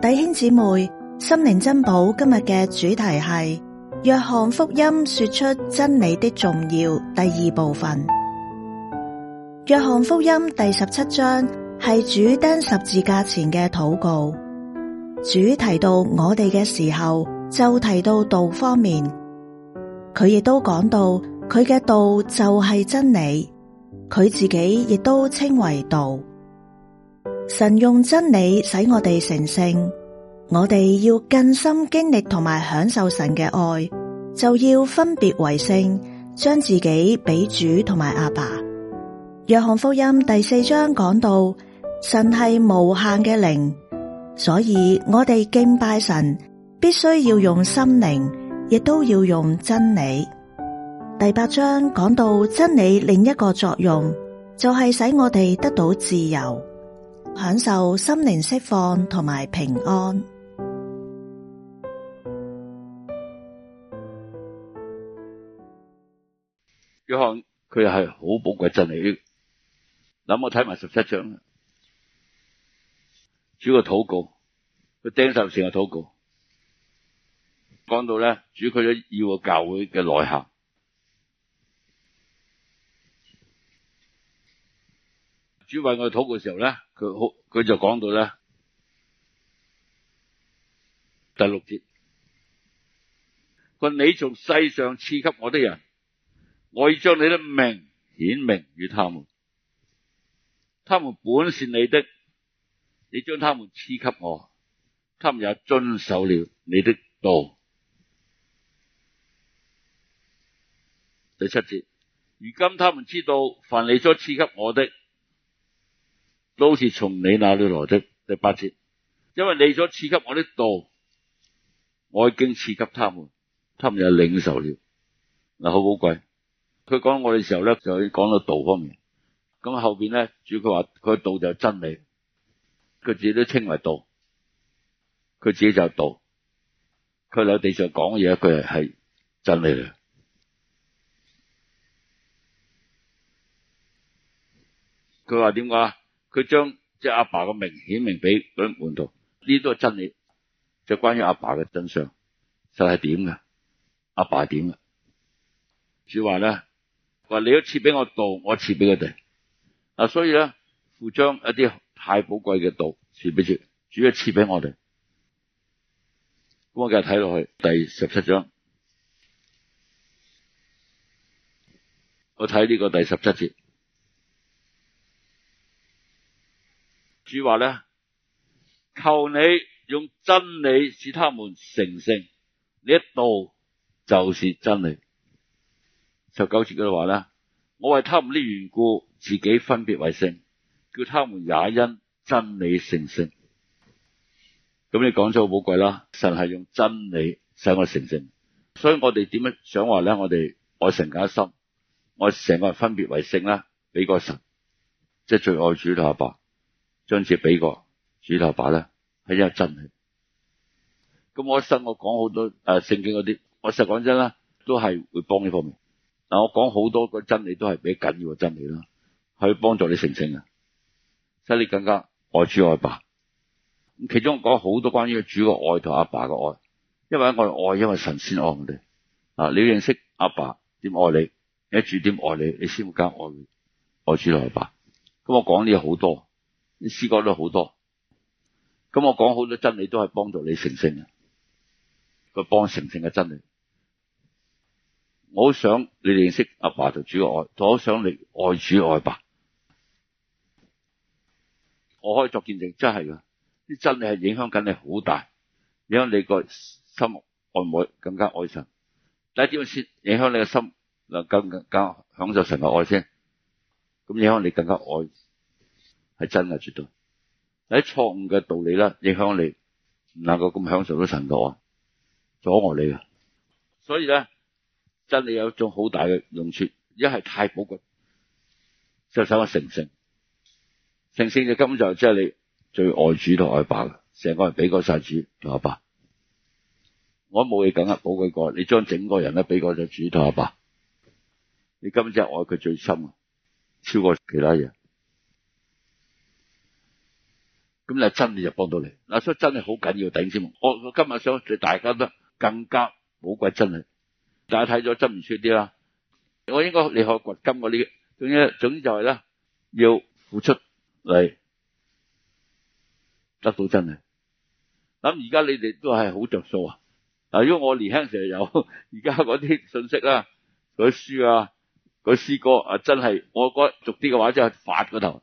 弟兄姊妹，心靈珍寶，今日嘅主題係《約翰福音》說出真理的重要，第二部分。《約翰福音》第十七章係主釘十字架前嘅禱告，主提到我哋嘅時候就提到道方面，佢亦都講到佢嘅道就係真理，佢自己亦都稱為道。神用真理使我哋成聖，我哋要更深經歷同埋享受神嘅愛，就要分別為聖，將自己俾主同埋阿爸。約翰福音第四章講到，神係無限嘅靈，所以我哋敬拜神必須要用心靈，亦都要用真理。第八章講到真理另一個作用就係使我哋得到自由。享受心靈釋放同埋平安。約翰佢係好寶貴真理，諗我睇埋十七章，主個禱告，佢釘十字嘅禱告，講到咧，主佢要個教會嘅內涵。主為我禱告嘅時候咧，佢好佢就講到咧，第六節，佢話，你從世上賜給我的人，我已將你的名顯明與他們，他們本是你的，你將他們賜給我，他們也遵守了你的道。第七節，如今他們知道，凡你所賜給我的，都是從你那裡來的。第八節，因為你所賜給我的道，我已經賜給他們，他們也領受了。嗱，好寶貴。佢講我嘅時候咧，就講到道方面。咁後邊咧，主佢話佢嘅道就係真理，佢自己都稱為道，佢自己就係道，佢喺地上講嘢，佢係係真理嚟。佢話點講？佢將即係阿爸嘅名顯明俾本啲門徒，呢都係真理，就係、是、關於阿爸嘅真相，實係點嘅？阿爸點嘅？主話咧，話你一賜俾我道，我一賜俾佢哋。所以咧，父將一啲太寶貴嘅道賜俾主，主一賜俾我哋。咁我繼續睇落去第十七章，我睇呢個第十七節。主話咧，求你用真理使他們成聖，你一道就是真理。十九節嘅話咧，我為他們啲緣故，自己分別為聖，叫他們也因真理成聖。咁你講咗好寶貴啦，神係用真理使我成聖，所以我哋點樣想話咧，我哋愛成家心，我成個人分別為聖啦，俾個神，即係最愛主同阿爸。將次俾個主頭爸咧，係一個真理。咁我一生我講好多誒、呃，聖經嗰啲，我實講真啦，都係會幫呢方面。嗱，我講好多個真理都係比較緊要嘅真理啦，去幫助你成聖啊，使你更加愛主愛爸。咁其中我講好多關於主嘅愛同阿爸嘅愛，因為我愛因為神先愛我哋。啊，你要認識阿爸點愛，愛你，你主點愛你，你先會更加愛愛主同阿爸，爸。咁我講呢個好多。啲詩歌都好多，咁我講好多真理都係幫助你成聖嘅，佢幫成聖嘅真理。我好想你認識阿爸就主愛，就好想你愛主愛爸。我可以作見證，真係噶，啲真理係影響緊你好大，影響你個心愛唔愛更加愛神。但係點先影響你個心能夠更加享受神嘅愛先？咁影響你更加愛。係真噶，絕對喺錯誤嘅道理啦，影響你唔能夠咁享受到神國啊，阻礙你噶。所以咧，真理有一種好大嘅用處，一係太寶貴就再想下成聖，成聖就根本就即係你最愛主同愛阿爸嘅，成個人俾個晒主同阿爸，爸。我冇嘢梗啊，寶佢過你將整個人咧俾個咗主同阿爸，你根本就係愛佢最深啊，超過其他嘢。咁你真嘅就幫到你嗱，所以真係好緊要頂先。我我今日想對大家都更加寶貴真嘅，大家睇咗真唔出啲啦。我應該厲害掘金我啲，總之總之就係咧，要付出嚟得到真嘅。咁而家你哋都係好着數啊！嗱，如果我年輕時候有而家嗰啲信息啦、嗰啲書啊、嗰啲詩歌啊，真係我嗰讀啲嘅話真係發過頭。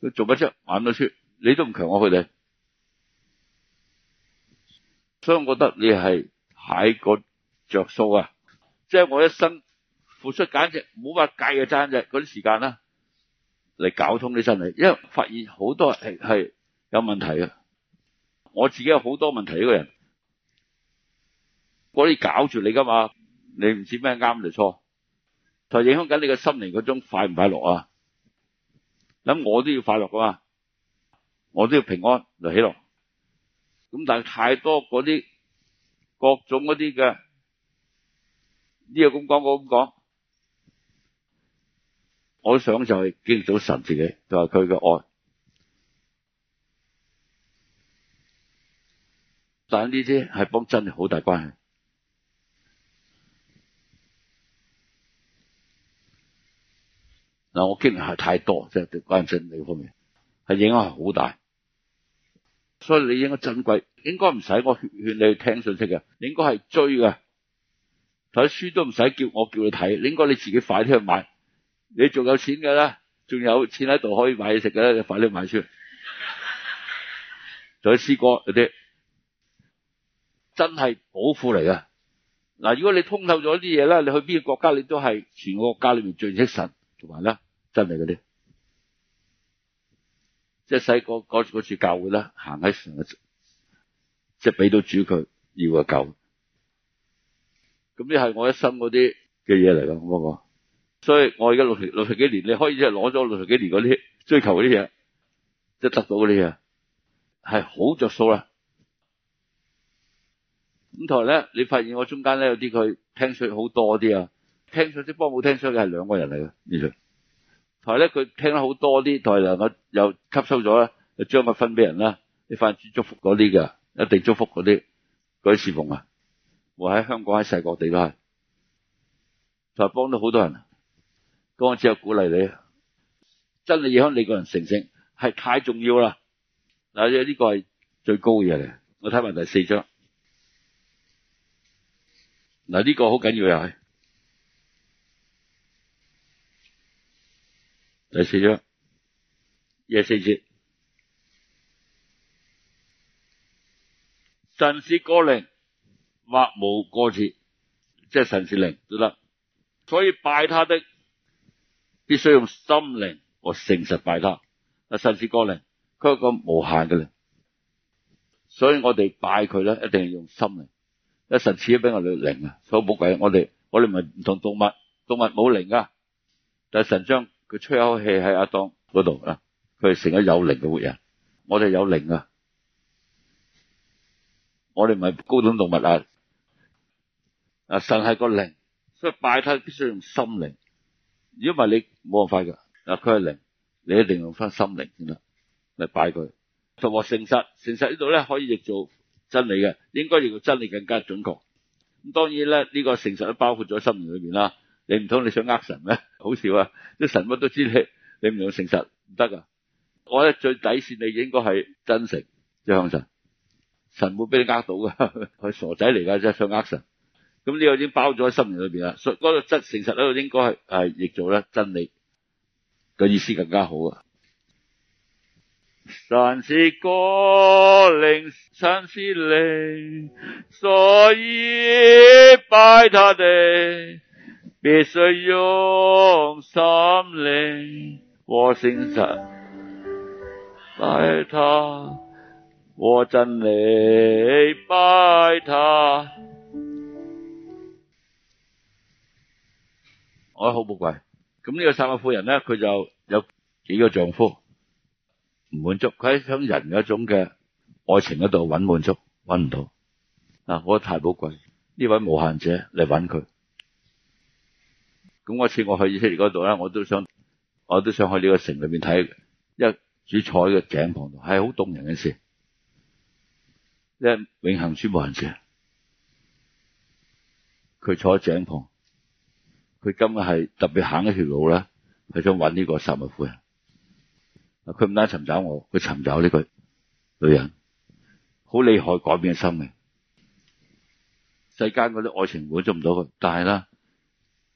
佢做乜啫？玩到出，你都唔強我佢哋，所以我覺得你係喺個着數啊，即係我一生付出簡直冇乜計嘅爭啫，嗰啲時間啦，嚟搞通你身體，因為發現好多係係有問題啊，我自己有好多問題呢個人，我哋搞住你噶嘛，你唔知咩啱定錯，就影響緊你個心靈嗰種快唔快樂啊！噉我都要快樂啊嘛，我都要平安來喜樂。咁但係太多嗰啲各種嗰啲嘅呢個咁講，我咁講，我想就係敬重神自己，就係佢嘅愛。但呢啲係幫真係好大關係。嗱，我經歷係太多，即係對嗰陣時呢方面係影響好大，所以你應該珍貴，應該唔使我勸你去聽信息嘅，你應該係追嘅。睇書都唔使叫我叫你睇，你應該你自己快啲去買。你仲有錢嘅咧，仲有錢喺度可以買嘢食嘅咧，你快啲買書。仲 有詩歌嗰啲，真係寶庫嚟嘅。嗱，如果你通透咗啲嘢咧，你去邊個國家，你都係全個國家裏面最益神。同埋咧，真係嗰啲，即係細個嗰次教會啦，行喺上，即係俾到主佢要嘅救。咁呢係我一生嗰啲嘅嘢嚟咯，我講，所以我而家六十六十幾年，你可以即係攞咗六十幾年嗰啲追求嗰啲嘢，即係得到嗰啲嘢，係好着數啦，啊。咁同埋咧，你發現我中間咧有啲佢聽出好多啲啊。聽上即幫冇聽上嘅，係兩個人嚟嘅，呢度，但係咧佢聽得好多啲，但係能夠又吸收咗啦，又將佢分俾人啦，你反之祝福嗰啲嘅，一定祝福嗰啲，嗰啲侍奉啊，我喺香港喺世界各地都係，就係幫到好多人，我只係鼓勵你，真理要向你個人成聖係太重要啦，嗱呢個係最高嘅嘢嚟，我睇埋第四章，嗱呢個好緊要又係！第四章廿四節，神是個靈或無個字，即係神是靈都得，所以拜他的必須用心靈和誠實拜他。啊神是個靈，佢係咁無限嘅靈啦，所以我哋拜佢咧，一定係用心靈。因神賜咗俾我哋靈啊，所以冇計。我哋我哋唔係唔同動物，動物冇靈啊，但係神將。佢吹一口氣喺阿當嗰度，嗱佢係成咗有靈嘅活人，我哋有靈啊，我哋唔係高等動物啊，啊神係個靈，所以拜他必須用心靈，如果唔係你冇辦法噶，嗱佢係靈，你一定要用翻心靈先得嚟拜佢，同埋誠實，誠實呢度咧可以譯做真理嘅，應該譯做真理更加準確，咁當然咧呢，呢個誠實都包括咗心靈裏邊啦。你唔通你想呃神咩？好笑啊！啲神乜都知你，你唔用誠實唔得啊！我覺得最底線你應該係真誠，向神，神會俾你呃到噶，佢傻仔嚟噶，係想呃神。咁呢個已經包咗喺心靈裏邊啦。所以嗰度質誠實咧，應該係係亦做咧真理，個意思更加好啊！神是個靈，神是靈。所以拜祂的。」必須用心靈和誠實拜他，和真理拜他，我好寶貴。咁呢個三個婦人呢，佢就有幾個丈夫唔滿足，佢喺想人嗰種嘅愛情嗰度揾滿足，揾唔到嗱，我覺得太寶貴。呢位無限者嚟揾佢。咁嗰次我去以色列嗰度咧，我都想，我都想去呢個城裏面睇，因為主坐喺個井旁度，係好動人嘅事。因為永恒主冇人借，佢坐喺井旁，佢今日係特別行一條路啦，佢想搵呢個十目夫人。佢唔單單尋找我，佢尋找呢個女人，好厲害改變生命。世間嗰啲愛情滿足唔到佢，但係啦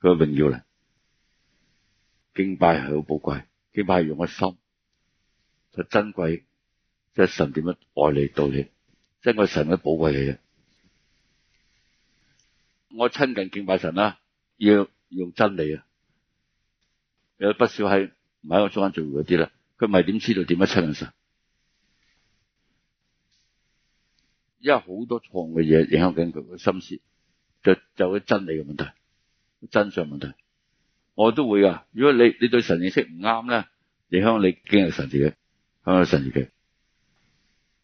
佢榮耀咧，敬拜係好寶貴，敬拜係用個心，就珍貴，即係神點樣愛你、待你，即係我神啲寶貴嘅嘢。我親近敬拜神啦，要用真理啊！有不少喺唔喺我中間聚會嗰啲咧，佢唔係點知道點樣親近神，因為好多錯誤嘅嘢影響緊佢個心思，就就有真理嘅問題。真相問題，我都會噶。如果你你對神認識唔啱咧，你希望你敬拜神自己，希望神自己。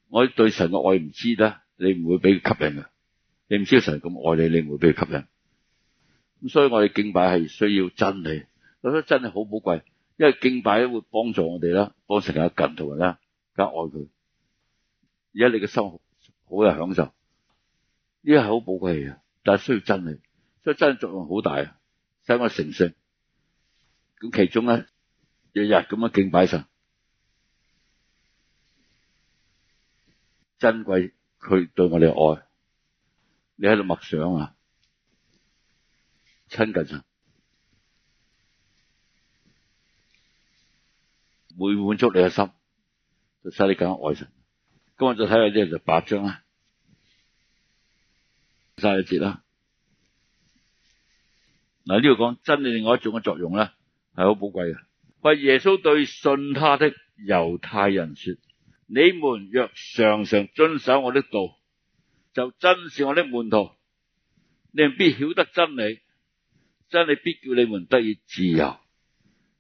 我對神嘅愛唔知咧，你唔會俾佢吸引嘅。你唔知道神咁愛你，你唔會俾佢吸引。咁所以我哋敬拜係需要真理，覺得真理好寶貴。因為敬拜會幫助我哋啦，幫神阿近同埋啦，加愛佢。而家你嘅生活好有享受，呢個係好寶貴嘅，但係需要真理。所以真係作用好大，使我成聖。咁其中咧，日日咁樣敬拜神，珍貴佢對我哋嘅愛。你喺度默想啊，親近神，會滿足你嘅心，就使你更加愛神。今日睇下呢就八章啦，晒一節啦。嗱，呢度講真理另外一種嘅作用咧，係好寶貴嘅。話耶穌對信他的猶太人說：你們若常常遵守我的道，就真是我的門徒。你們必曉得真理，真理必叫你們得以自由。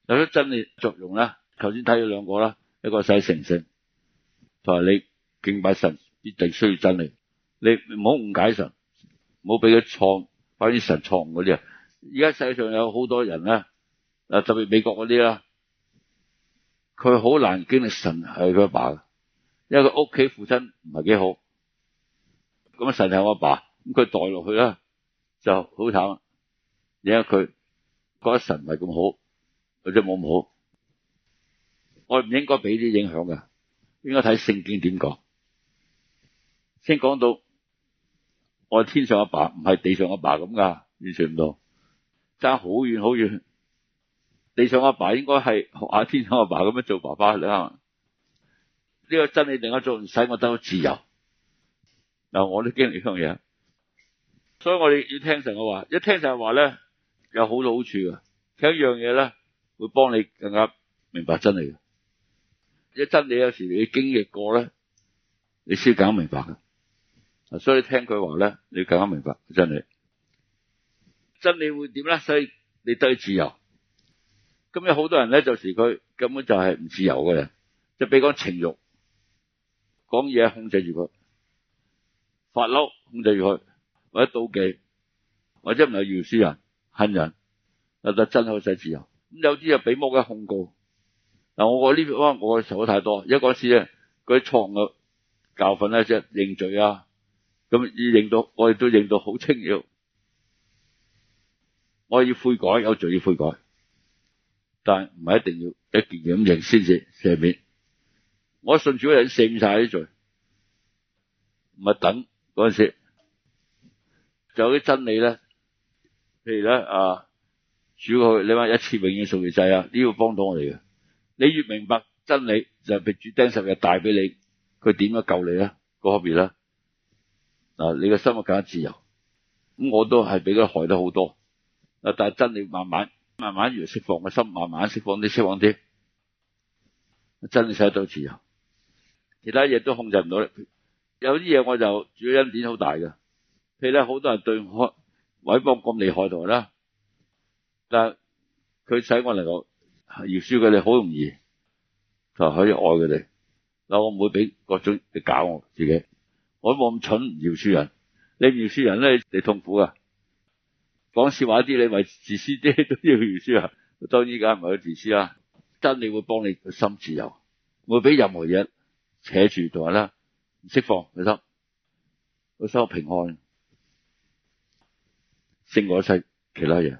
有咗真理作用咧，頭先睇咗兩個啦，一個使成聖，同埋你敬拜神必定需要真理，你唔好誤解神，唔好俾佢創，把啲神創嗰啲啊。而家世界上有好多人咧，啊特別美國嗰啲啦，佢好難經歷神係佢阿爸，因為佢屋企父親唔係幾好，咁啊神係我阿爸，咁佢代落去咧就好慘。而家佢覺得神係咁好，或者冇咁好，我唔應該俾啲影響嘅，應該睇聖經點講，先講到我係天上阿爸唔係地上阿爸咁噶，完全唔同。爭好遠好遠，你想阿爸應該係學下天主阿爸咁樣做爸爸啦？呢個真理點解做，使我得到自由？嗱，我都經歷呢樣嘢，所以我哋要聽神嘅話。一聽神嘅話咧，有好多好處嘅。聽一樣嘢咧，會幫你更加明白真理。一真理有時你經歷過咧，你先搞明白嘅。所以你聽佢話咧，你搞明白真理。真理會點咧？所以你得自由。咁有好多人咧，就時佢根本就係唔自由嘅人，就俾講情欲、講嘢控制住佢，發嬲控制住佢，或者妒忌，或者唔係饒恕人恨人，就真係好使自由。咁有啲又俾魔鬼控告。嗱，我呢邊可能我受得太多。有一個事咧，佢藏個教訓咧，即係認罪啊。咁認到我哋都認到好清楚。我要悔改，有罪要悔改，但唔係一定要一件嘢咁認先至赦免。我信主嗰日赦免晒啲罪，唔係等嗰陣時。就有啲真理咧，譬如咧啊，主佢你話一次永遠贖罪祭啊，呢要幫到我哋嘅。你越明白真理，就係主釘十字架帶俾你，佢點樣救你咧？嗰方面咧，啊，你嘅生活更加自由。咁我都係俾佢害得好多。但係真理慢慢、慢慢越嚟，釋放個心，慢慢釋放啲、釋放啲，真理使到自由，其他嘢都控制唔到。有啲嘢我就主要因點好大嘅，譬如咧，好多人對我毀謗咁厲害，同埋啦，但係佢使我嚟講，饒恕佢哋好容易，就可以愛佢哋。嗱，我唔會俾各種嚟搞我自己，我冇咁蠢，饒恕人。你唔饒恕人咧，你痛苦噶。講笑話啲，你咪自私啲都要如書啊，當依家唔係好自私呀。真你會幫你個心自由，會俾任何嘢扯住同埋咧，唔釋放你心，個心平安，勝過一切其他嘢。